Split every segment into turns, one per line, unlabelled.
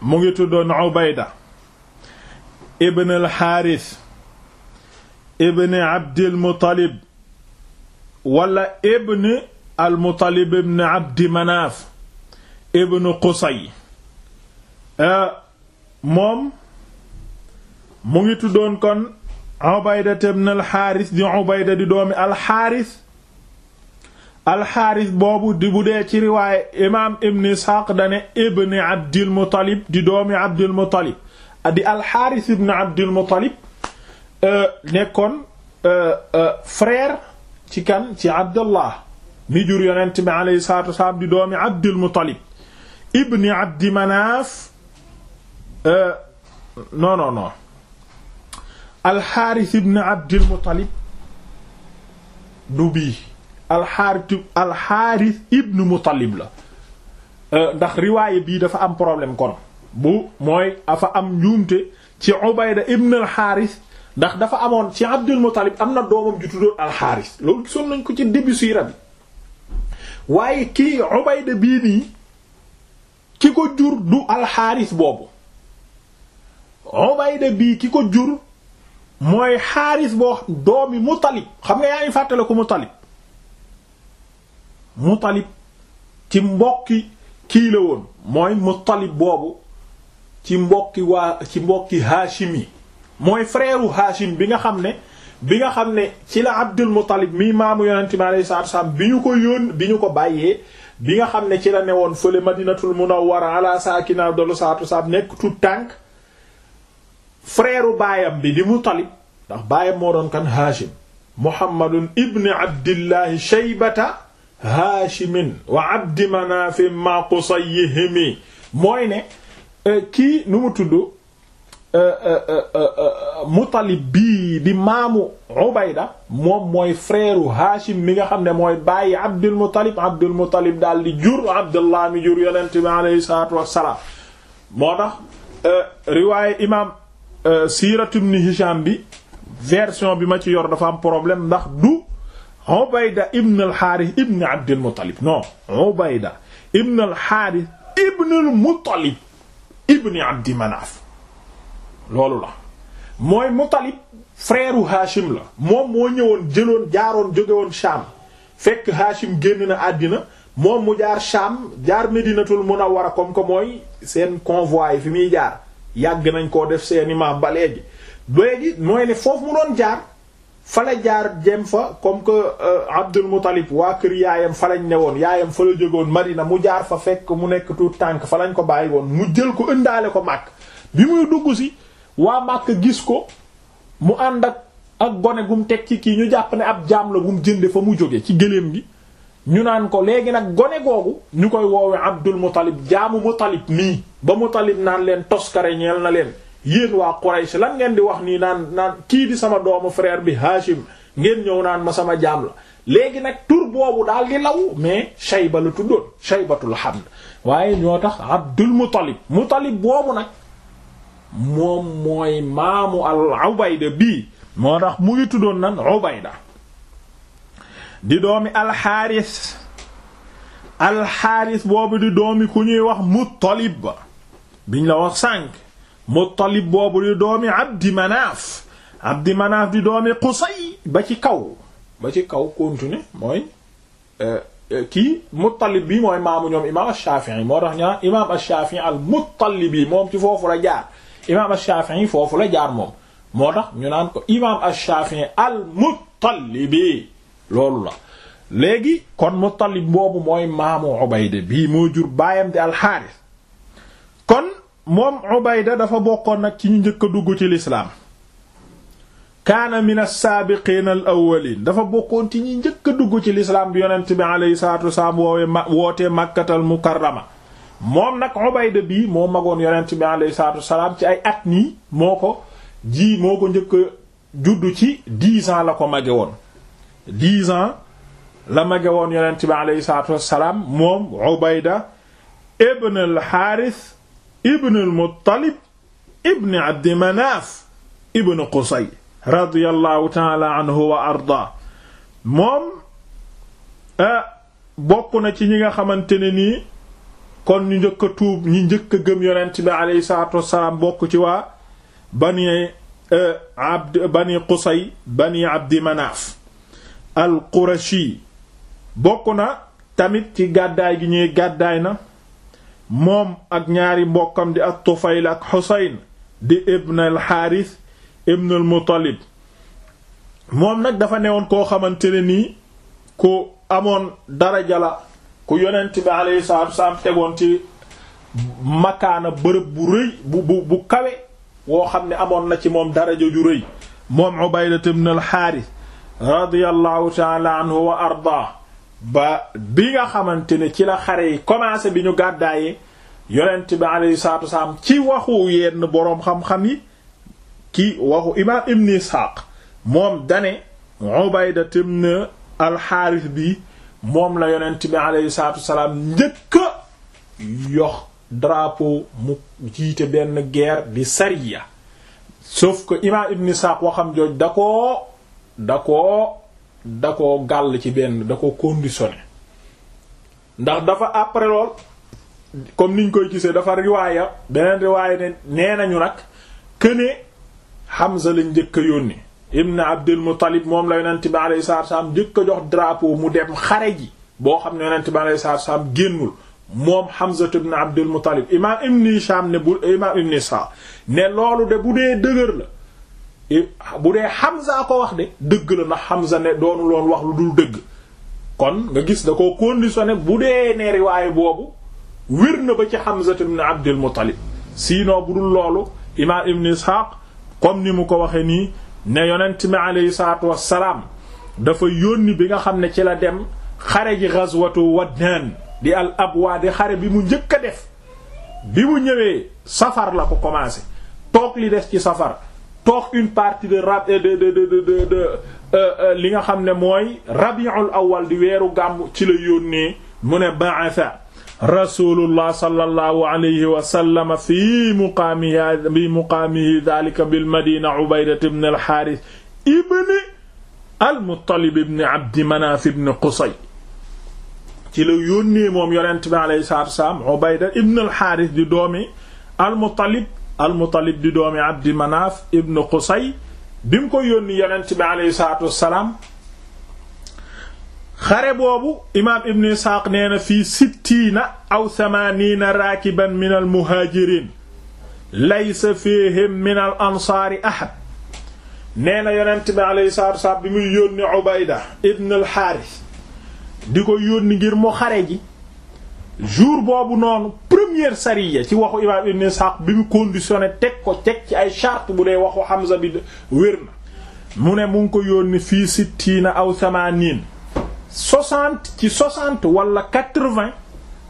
mu ngi tuddoon Ubayda ibn al-Xaaris ibn Abdil Muttalib wala ibn al ibn Abdi ibn Qusay ah, moom mu ngi tuddoon kon Ubayda ibn al-Xaaris di Ubayda di doomi al alharis boobu di bu dee ci riwaaye imaam ibn isxaaq dane ibni abdilmutalib di doomi abdilmutalib di alxaaris ibn abdilmutalib euh, nekkoon euh, euh, frère ci kan ci abdullah mi jur yonent bi aleyhi salatu wasalaam di doomi abdilmutalib ibni abdi manaaf non non non alxaaris ibn abdilmutalib du bii alxaarit alxaaris ibnu mutalib la euh, ndax riwaayé bii dafa am problème kon bu mooy dafa am njuumte ci ubayda ibn alxaaris ndax dafa amoon ci abdul mutalib am na doomam ju tuddoon alxaaris loolu gisoon nañ ko ci début siira bi waaye kii ubayda bii nii ki ko jur du alxaaris boobu ubayda bii ki ko jur mooy xaaris boo doomi mutalib xam nga yaa ngi fàttale ko mutalib Mutalib ci mbokki kii la woon mooy Mutalib boobu ci mbokki Haashim yi mooy freeru Haashim bi nga xam ne bi nga xam ne ci la Abdul Mutalib mii maamu yonent mi alayhi salaatu salaam bi ñu ko yóon bi ñu ko bàyyee bi nga xam ne ci la ne woon fële Madinatul Munawwara ala saakina dolu saatu saab nekk tout tànk frère baayam bi di Mutalib ndax baayam moo doon kan Haashim Muhammadun ibn Abdillahi Shaybata haashimin wa abdi manafin ma qusayhimi mooy ne e, kii nu mu tudd e, e, mutalib bii di maamu ubayda moom mooy frère haashim mi nga xam ne mooy bàyyi abdul mutalib abdul mutalib daal di jur abdullah mi jur yonent bi aleyhi salatu wassalaam moo tax riwaaye imaam siiratu ibn hisham bi version bi ma ci yor dafa am problème ndax Ubayda ibn al-Harith ibn Abd al-Muttalib non Ubayda ibn al-Harith ibn al la mooy Muttalib frère u la moom moo ñëwoon jëloon jaaroon fekk Hachim génn na àddina moom mu jaar Sham jaar Medinatul Munawwara comme que mooy seen convoi yi fi muy jaar yàgg nañ koo def seeni i maam ba léegi léegi mooy ne foofu mu doon jaar. fa la jaar jëm fa comme que euh, Abdul Muttalib waa kër yaayam fa lañ ne woon yaayam fa la jógoon Madina mu jaar fa fekk mu nekk tuut tànk fa lañ ko bàyyi woon mu jël ko ëndaale ko màkk bi muy dugg si waa màkk gis ko mu ànd ak ak gone gum teg ci kii ñu jàpp ne ab jaam la gum jënde fa mu jóge ci gëléem gi ñu naan ko léegi nag gone googu ñu koy woowe Abdul Muttalib jaamu Muttalib nii ba Muttalib naan leen toskare ñeel na leen yéen waa Quraysh lan ngeen di wax nii naan naan kii di sama doomu frère bi Hachim ngeen ñëw naan ma sama jaam la léegi nag tur boobu daal di law mais Shayba la tuddoon Shaybatul Hamd waaye ñoo tax Abdul Muttalib Muttalib boobu nag moom mooy maamu al Ubayda bii moo tax mu ngi tuddoon nan Ubayda di doomi alxaaris alxaaris boobu di doomi ku ñuy wax Muttalib biñ la wax sànq Muttalib boobu di doomi Abdi Manaaf Abdi Manaaf di doomi Qusay ba ci kaw ba ci kaw continuer mooy euh, euh, kii Muttalib bi mooy maamu ñoom imaam Ash-Shafi'i moo tax ñaa imaam Ash-Shafi'i al-Muttalibi moom ci foofu la jaar imaam Ash-Shafi'i foofu la jaar moom moo tax ñu naan ko imaam Ash-Shafi'i al-Muttalibi loolu la léegi kon Muttalib boobu mooy maamu Ubayda bi moo jur baayam di al-Harith moom Ubayda dafa bokkoon nag ci ñu njëkk a dugg ci lislaam kaana min as-saabiqiina al-awwaliin dafa bokkoon ci ñi njëkk dugg ci lislaam bi yonent bi alayhi salaatu wasalaam woowee ma wootee Makkatal Mukarrama moom nag Ubayda bii moo magoon yonent bi alayhi salaatu wasalaam ci ay at nii moo ko ji moo ko njëkk a juddu ci dix la ko mage woon dix la mage woon yonent bi alayhi salaatu wasalaam moom Ubayda ibn al-Haaris ibn al-Muttalib ibn Abdi Manaaf ibn Qusay radiyallahu taala anhu wa arda moom eh, bokk na ci ñi nga xamante ne nii kon ñu njëkk a tuub ñi njëkk a gëm yonent bi aleyhi salaatu wassalaam bokk ci waa bani eh, abd bani Qusay bani Abdi Manaaf al-Qurashi bokk na tamit ci gàddaay gi ñuy gàddaay na moom ak ñaari mbokkam di ak Tufayl ak Xusayn di ibn al Xaaris ibn al Muttalib moom nag dafa newoon koo xamante ne nii ku amoon daraja la ku yonent bi alayhi salaatu wasalaam tegoon ci makaana bërëb bu rëy bu kawe woo xam ne amoon na ci moom daraja ju rëy moom Ubaydat ibn al Xaaris radiyallahu ta'ala anhu wa ardaa ba bi nga xamante ne ci la xare yi commencé bi ñu gàddaay yonent bi alayhi ci waxu yenn boroom xam-xam yi ci waxu imaam ibn Isxaaq moom dane Ubayda ibn al bi moom la yonent bi alayhi salaatu wasalaam njëkk yox drapeau mu jiite benn guerre di sariya sauf que imaam ibn Isxaaq waxam jooj da koo da koo da ko gàll ci benn da ko conditionné ndax dafa après lool comme niñ koy gisee dafa riwaaya beneen riwaaya ne nee nañu nag këne Hamza lañ njëkk a yónni ibn Abdul Muttalib moom la yonent bi alayhi salaatu salaam njëkk a jox drapeau mu dem xare ji boo xam ne yonent bi alayhi salaatu salaam génnul moom Hamza ibn Abdul Muttalib imaam Ibn Hisham ne bu imaam Ibn Isa ne loolu de bu dee dëgër la bu dee Hamza ko wax de dëgg la ndax Hamza ne doonu loon wax lu dul dëgg kon nga gis da ko conditionné bu dee ne riwaaye boobu wér na ba ci Hamza ibn Abdul Muttalib siino bu dul loolu imaam Ibn Ishaq comme ni mu ko waxee nii ne yonent mi aleyhi salaatu wassalaam dafa yónni bi nga xam ne ci la dem xare ji ghazwatu Waddaan di al abwaa di xare bi mu njëkk a def bi mu ñëwee safar la ko commencé toog li des ci safar toog une partie de rab de de de de euh, euh, li nga xam ne mooy rabiul awal di weeru gàmm ci la yónnee mu ne ba'atha rasulullah sallallahu alayhi wa sallam fi muqaamihi bi muqaamihi dhalika bil madina ubayda ibn al harith ibn al muttalib ibn abd manaf ibn qusay ci la yónnee moom yonent bi alayhi salaatu wa salaam ubayda ibn al harith di doomi al muttalib almutalib di doomi abdi manaaf ibn qusay bi mu ko yónni yonent bi aleyhi salaatu wassalaam xare boobu imaam ibn isxaaq nee na sittiina aw samaaniina raakiban min al muhaajiriin laysa min al ansaari ahad nee na yonent bi aleyhi salaatu wassalaam bi muy yónni ubayda ibn al di ko yónni ngir mu xare ji jour boobu noonu première sariya ci waxu imaam Ibn Ishaq bi mu conditionné teg ko teg ci ay charte bu dee waxu Hamza bi wér na mu ne mu ngi ko yónni fii sittiina aw samaaniin soixante ci soixante wala quatre-vingts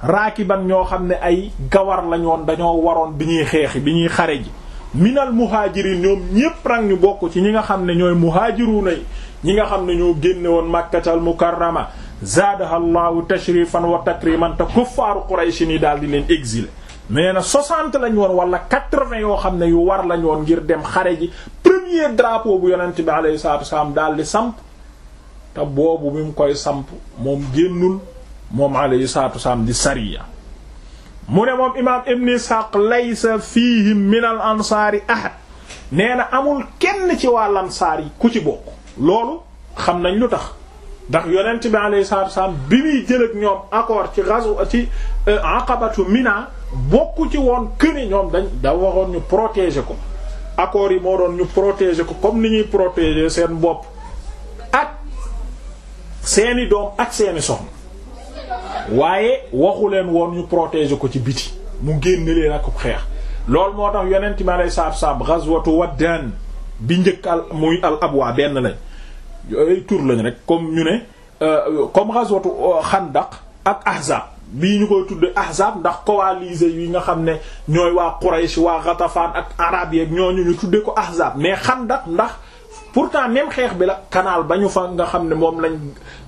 raakiban ñoo xam ne ay gawar lañoon dañoo waroon bi ñuy xeexi bi ñuy xare ji minal muhaajiriin ñoom ñépp rang ñu bokk ci ñi nga xam ne ñooy muhaajiruuna ñi nga xam ne ñoo génne woon Makkatal Mukarrama zaadaha llahu tashrifan wa takriman te kuffaaru qurayshi ni daal di leen exilé nee na 60 lañ woon wala 80 yoo xam ne yu war lañ woon ngir dem xare ji premier drapeau bu yonent bi alayhi salatu wasalaam daal di samp te boobu mi mu koy samp moom génnul moom alayhi salatu wasalaam di sariya mu ne moom imaam ibn ishaq laysa fihim min al ansaari ahad nee na amul kenn ci waa lansaar yi ku ci bokk loolu xam nañ lu tax ndax yonent bi alayhi salaatu wasallam bi muy jël ñoom accord ci razo ci euh, aqabatu mina bokku ci woon këne dañ da waxoon ñu protéger ko accords yi moo doon ñu protéger ko comme ni ñuy protéger seen bopp ak seeni doom ak seeni soxna waxu leen woon ñu protéger ko ci biti mu génne leen ak xeex loolu moo tax yonent bi alayhi salaatu wasallam ghazwatu bi njëkk al muy al abwa benn lañ ay tur lañ rek comme ñu ne euh, comme ghazwatu euh, xandaq ak ahzab bii ñu koy tudde ahzab ndax coalisés yi nga xam ne ñooy waa Quraysh waa Ghatafan ak arab yeek ñoo ñu ñu tudde ko ahzab mais xandaq ndax pourtant même xeex bi la canal ba ñu fa nga xam ne moom lañ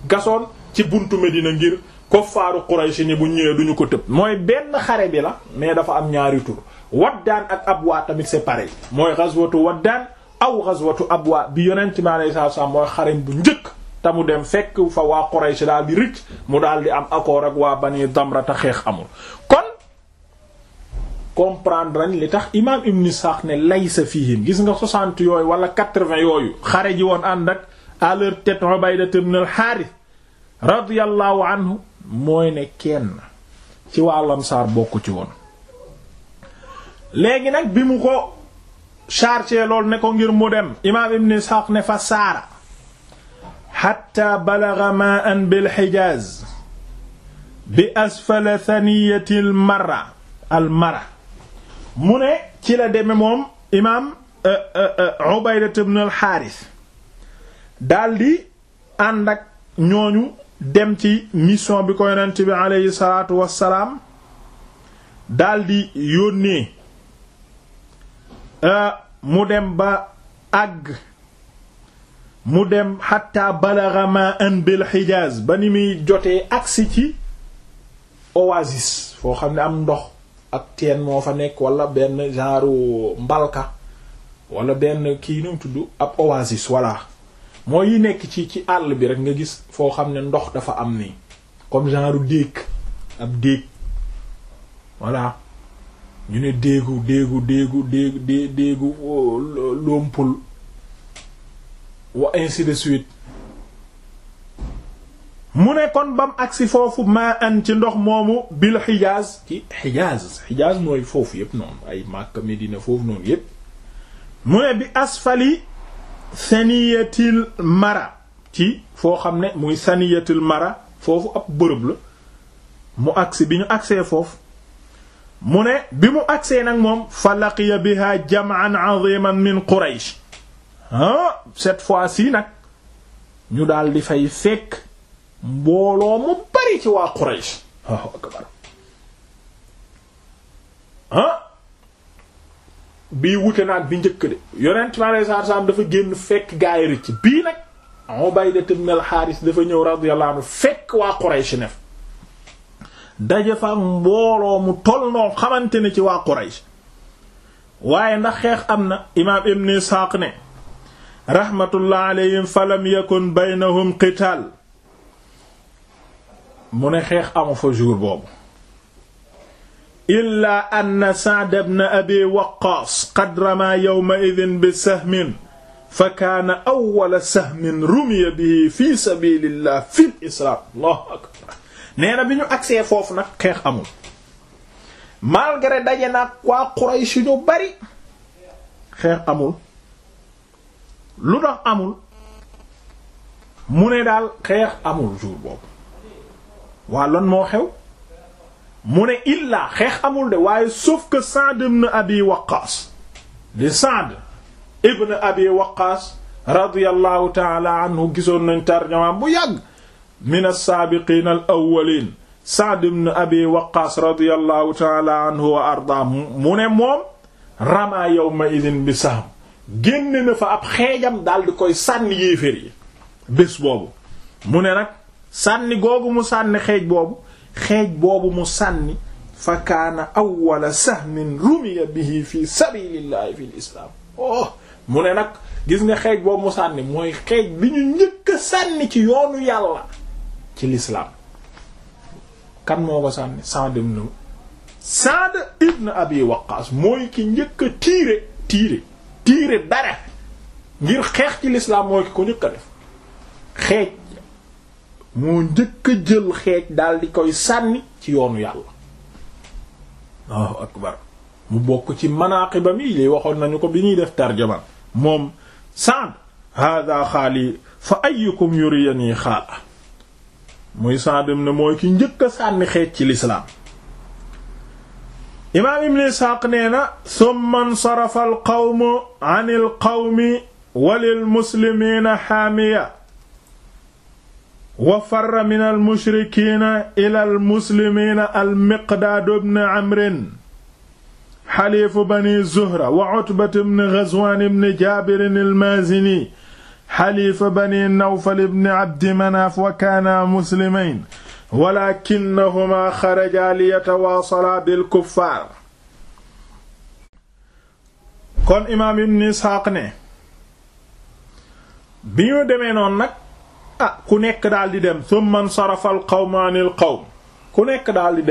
gasoon ci buntu Medina ngir koffaaru Quraysh ni bu ñëwee duñu ko tëb mooy benn xare bi la mais dafa am ñaari tur waddaan ak abwaa tamit c'est pareil mooy ghazwatu waddaan aw ghazwatu abwa bi yonent bi alayhi salaatu mooy xareñ bu njëkk tamu dem fekk fa waa Quraysh daal di rëcc mu daal di am accord ak waa Bani Damra xeex amul kon comprendre li tax imaam Ibn Ishaq ne laysa fihim gis nga 60 yooyu wala 80 yooyu xare ji woon ànd ak à leur tête al-Harith radiyallahu mooy ne kenn ci waa Ansaar bokku ci woon léegi nag bi mu ko chargé loolu ne ko ngir mu dem imaam ibn Ishaq ne fa saara xatta balaga ma an bil Hijaaz bi asfala thaniyati al mara al mara mu ne ci la deme moom imaam euh, euh, euh, Ubayda ibn al Haaris daldi ànd ñooñu dem ci mission bi ko yonent bi aleyhi salaatu wassalaam daldi yónnee Euh, mu dem ba àgg mu dem xatta balaga ma bil xijaas ba ni muy jotee agsi ci oasis foo xam ne am ndox ak teen moo fa nekk wala benn genre mbalka walla benn kii nu tudd ab oasis voilà mooy yi nekk ci ci àll bi rek nga gis foo xam ne ndox dafa am ni comme genre déeg ab déeg voilà ñu ne déegu déegu déegu déegu déegu déegu lompul wa ainsi de suite mu ne kon bam agsi foofu maa an ci ndox moomu bil xijaaz ci xijaaz xijaaz mooy foofu yépp noonu ay Makka dina foofu noonu yépp mu ne bi asfali saniyatil mara ci foo xam ne muy saniyatil mara foofu ab bërëb la mu agsi bi ñu agsee foofu mu ne bi mu agsee nag moom fa laqiya biha jam'an 'aziman min Quraysh ah cette fois-ci nag ñu daal di fay fekk mbooloo mu bari ci waa Quraysh waaw ah, bii wute naag bi njëkk de yonent ma saa saam dafa génn fekk gaay ci bii nag Ubayda ibn al-Haaris dafa ñëw radiyallahu anhu fekk waa Quraysh nef daje fa mbooloo mu toll noo xamante ne ci waa Quraysh waaye ndax xeex am na imaam ibn Isxaaq ne rahmatullah alayhim falam yakun baynahum qitaal mu ne xeex amu fa jour boobu illa ann Sa'd ibn Abi Waqqaas qad ramaa yawma'idhin bi sahmin fa kaana awwala sahmin rumiya bihi fi sabiilillah fil islaam Allahu akbar nee bi ñu agsee foofu nag xeex amul malgré daje nag waa Quraysh ñu bari xeex amul lu tax amul mu ne daal xeex amul jour boobu waa lan moo xew mu ne illaa xeex amul de waaye sauf que Sa'd ibn Abi Waqqas di Sa'd ibn Abi Waqqas radiyallahu ta'ala anhu gisoon nañ tarjamaam bu yàgg min alsaabiqina al awalin Saad ibn Abi Waqqaas radiyallahu taala anhu wa ardaa mu ne moom ramaa yawma idin bi sahm génn na fa ab xeejam daal di koy sànni yéeféer yi bés boobu mu ne nag sànni googu mu sànni xeej boobu xeej boobu mu sànni fa kaana awwala sahmin rumiya bihi fi sabilillahi fi lislaam oh mu ne nag gis nga xeej boobu mu sànni mooy xeej bi ñu njëkk a sànni ci yoonu yàlla ci lislaam kan moo ko sànni Saad ibn Saad ibn Abi mooy ki njëkk a tiire tiire tiire dara ngir xeex ci lislaam mooy ki ko njëkk a def xeej moo njëkk a jël xeej daal di koy sànni ci yoonu yàlla Allahu akbar mu bokk ci manaaqiba mi li waxoon nañu ko bi ñuy def tarjama moom Saad hada xaali fa ayukum yuriyani xaala muy Sa'd ibn mooy ki njëkk a sànni xeej ci lislaam imaam ibn Isxaaq nee na summa nsarafa al qawmu an il qawmi wa lil muslimiina xaamiya wa farra min al mushrikiina ila al muslimiina al miqdaad ibn amrin xaliifu bani zuhra wa utbat ibn ghazwaan ibn jaabirin al maazini xalifa bani nawfal ibni abdi manaaf wa kaana muslimayn walaakinnahumaa xarajaa liyatawaasalaa bil kuffaar kon imaam ibn isxaaq ne bi ñu demee noonu nag ah, ku nekk daal di dem summa nsarafa al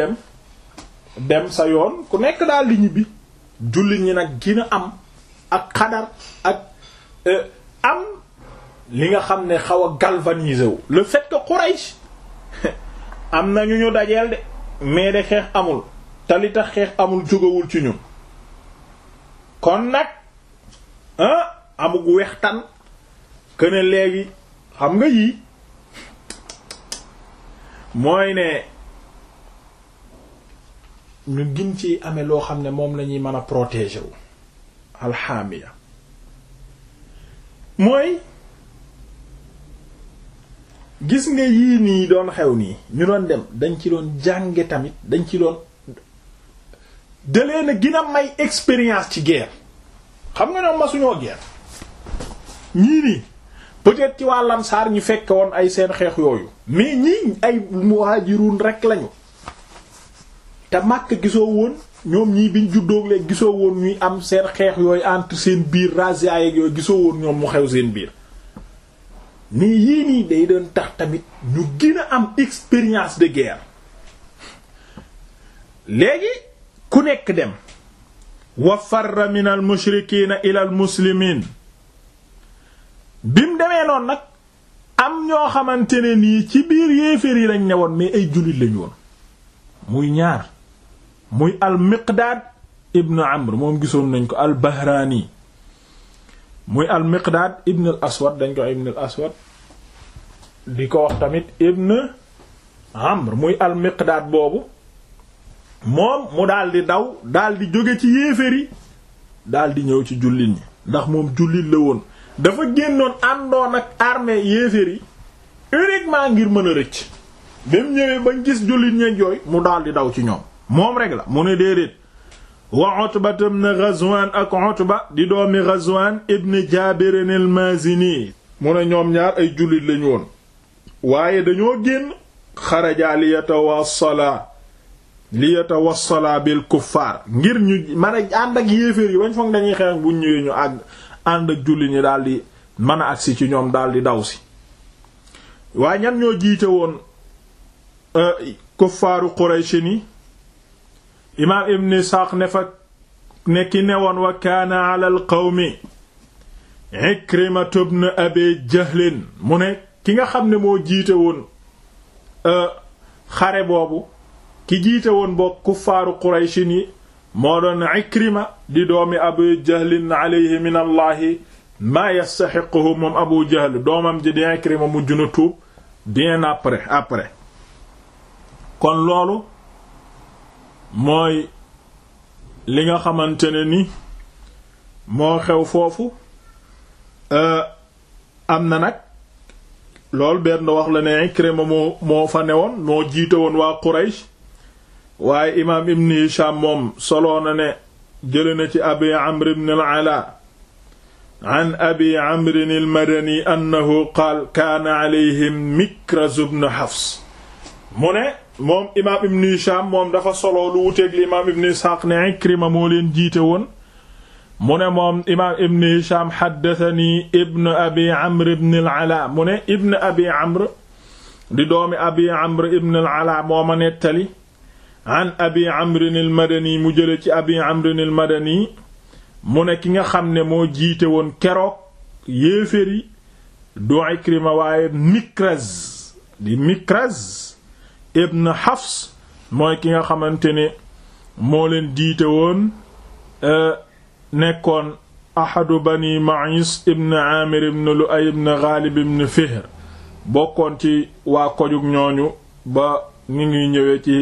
dem sa yoon ku nekk daal di ñibbi jullit ñi nag gina am ak xadar ak eh, am li nga xam ne xaw a galvanisé wu le fait que Quraysh am na ñu ñu dajeel de mais de xeex amul te li xeex amul jógawul ci ñun kon nag ah amug wextan que ne léegi xam nga yii mooy ne ñu gin ci ame loo xam ne moom la ñuy mën a protéger wu alxaamiya mooy gis nga yii nii doon xew nii ñu doon dem dañ ci doon jànge tamit dañ ci doon dalee na gën a may expérience ci guerre xam nga ñoom masuñoo guerre ñii nii peut-être ci waa Ansaar ñu fekke ay seen xeex yooyu mais ñii ay muhajirun rek lañu te Makka gisoo woon ñoom ñii biñ juddoo léegi gisoo woon ñuy am seen xeex yooyu entre seen biir razzia ak yooyu gisoo woon ñoom mu xew seen biir mais yii nii day doon tax tamit ñu gën am expérience de guerre léegi ku nekk dem wa farra min al mushrikiina ila al muslimiin bi mu demee noonu nag am ñoo xamante ne nii ci biir yéeféer yi lañ ne woon mais ay jullit lañu woon muy ñaar muy al miqdaad ibnu amr moom gisoon nañ ko al bahraani muy al miqdaad ibn al aswad dañ ko ibn al aswad di ko wax tamit ibn amr muy al miqdaad boobu moom mu daal daw daal di jóge ci yéeféer yi daal di ñëw ci jullit ñi ndax moom jullit la woon dafa génnoon àndoon ak armée yéeféer yi uniquement ngir mën a rëcc ba mu ñëwee bañ gis jullit ña jooy mu daal di daw ci ñoom moom rek la mu ne déedéet wa Utba ibn Ghazwan ak Utba di doomi ñoom ñaar ay jullit lañu woon waaye dañoo génn xaraja li ngir ñu mën yi bañ foog dañuy bu ñëwee ñu àgg ànd ak jullit ñi daldi mën a agsi ci ñoom daldi daw si waaye ñan ñoo jiite woon euh, kuffaaru Quraysh ni imaam ibn isxaaq ne fa ne ki newoon wa kaana ala al qawmi ikrimatu bnu abi jahlin mu ne ki nga xam ne moo jiite woon euh, xare boobu ki jiite woon bokk kuffaaru qurayshi ni moo doon ikrima di doomi abi jahlin alayhi min allahi maa yastaxiquhu moom abu jahl doomam ji di ikrima mujj na tuub bien après après kon loolu mooy li nga xamante ne ni moo xew foofu euh, am na nag lool benn wax la ne Ikrima moo moo fa newoon moo jiite woon waa Quraysh waaye imaam Ibn Hisham moom soloo na ne jële na ci Abi Amr ibn al an Abi Amr al-Madani annahu qaal kaana alayhim Mikraz ibn Hafs mu ne moom imaam ibn Hisham moom dafa solo lu wuteeg li imaam ibn Ishaq ne Ikrima moo leen jiite woon mu ne moom imaam ibn Hisham haddathani ibn abi amr ibn al-Ala mu ne ibn abi amr ibn al-Ala moo ma nettali an abi amrin al-Madani mu jële ci abi amrin al mu ne ki nga xam ne moo jiite woon keroog yéeféri doo Ikrima waaye Mikraz di Mikraz ibn Hafs mooy ki nga xamante ne moo leen diite woon e, nekkoon ahadu bani Ma'is ibn Amir ibn Lu'ay ibn Ghalib ibn Fihr bokkoon ci waa kojug ñooñu ba ni ngi ñëwee ci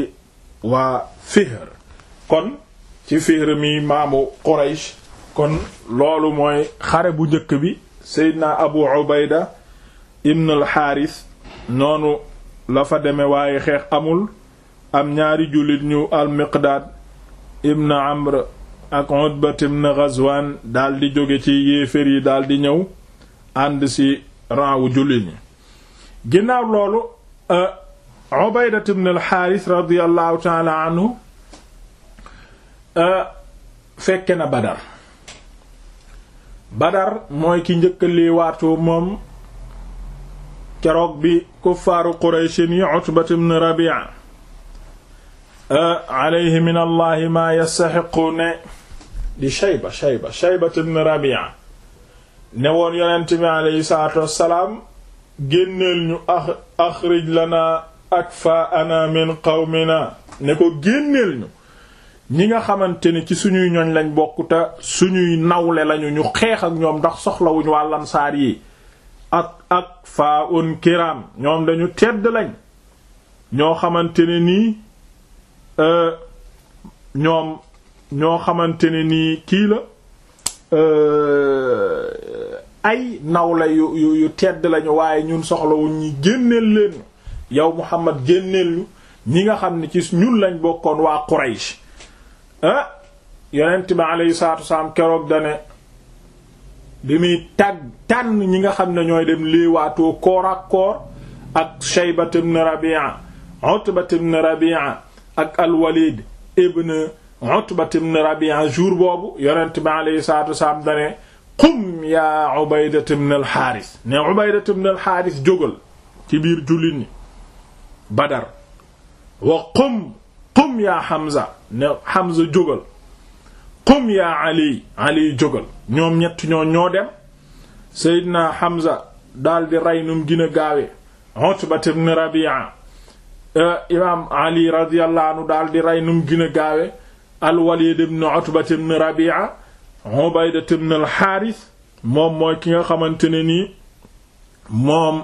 waa Fihr kon ci Fihr mi maamu Quraysh kon loolu mooy xare bu njëkk bi Seydina Abu Ubayda ibn al-Harith noonu la fa deme waaye xeex amul am ñaari jullit ñu al ibn Amr ak Utbat ibn Ghazwan daldi jóge ci yéefér yi daldi ñëw ànd ci ranwu jullit ñi ginnaaw loolu euh, Ubaydat ibn al-Haaris radiyallahu ta'ala euh, fekke na Badar Badar mooy ki njëkk a liiwaatoo moom keroog bi kuffaaru qurayshin yi utbat ibn rabi'a alayhi min allahi di shayba shayba shayba ibn rabi'a ne woon yonent bi aleyhi wassalaam génneel ñu axrij lana akfaana min qawmina ne ko génneel ñu ñi nga xamante ne ci suñuy ñoñ lañ bokkuta suñuy nawle lañu ñu xeex ak ñoom ndax soxlawuñu wàllansaar yi ak faa un kiraam ñoom dañu tedd lañ ñoo xamante ne nii euh, ñoom ñoo xamante ne nii kii la euh, ay nawla yu yu tedd lañu waaye ñun soxlawuñ ñi génneel leen yow Muhammad génneel ñu ñi nga xam ne ci ñun lañ bokkoon waa Quraysh ah yonent bi aleyhi salaatu wasalaam keroog dane bi muy tàgg tànn ñi nga xam ne ñooy dem léewaatoo koor ak koor ak Shaybat ibn Rabi'a Utbat ibn Rabi'a ak al-Walid ibn Utbat ibn Rabi'a jour boobu yonent bi alayhi salaatu wasalaam dane qum yaa Ubaydat ibn al-Haaris ne Ubaydat ibn al-Haaris jógal ci biir jullit ñi Badar wa qum qum yaa Hamza ne Hamza jógal qum yaa ali ali jógal ñoom ñett ñoo ñoo dem seydina Hamza daldi rey num gën a euh, rey num gën a gaawe al-Walid ibn Utba ibn Rabi'a Ubayda ibn al-Harith moom mooy ki nga xamante ne nii moom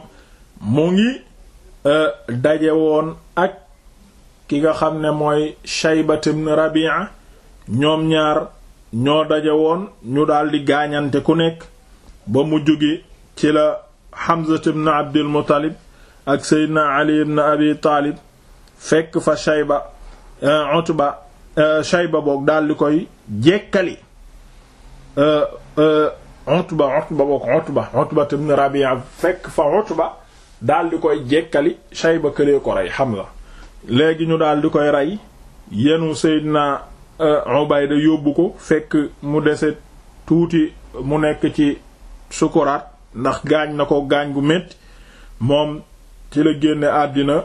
mu ngi euh, daje woon ak ki nga xam ne mooy Shayba ibn Rabi'a ñoom ñaar ñoo daje woon ñu daldi gaañante ku nekk ba mujj gi ci la Hamza ibn Abdul Muttalib ak Seydina Ali ibn Abi Taalib fekk fa Shayba euh, Utba euh, Shayba boog daldi koy jekkali euh, Utba Utba boog Utba Utba ibn Rabi'a fekk fa Utba daldi koy jekkali Shayba këlee ko rey Hamza léegi ñu daldi koy rey yenu Seydina Euh, Ubayda yóbbu ko fekk mu dese tuuti mu nekk ci sukuraat ndax gaañ na ko gaañ gu moom ci la génne àddina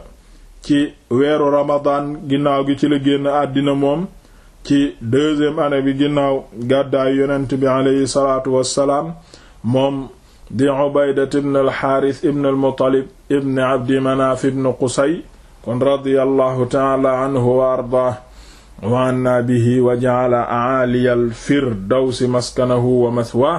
ci weeru Ramadan ginnaaw gi ci la àddina moom ci deuxième année bi ginnaaw gàddaay yonent bi aleyhi salaatu wassalaam moom di Ubaydat ibn Abdi Manaf ibn Qusay kon radiyallahu ta'ala anhu wa wa anna bihi wa ja'ala a'aliyal firdawsi maskanahu wa mathwaahu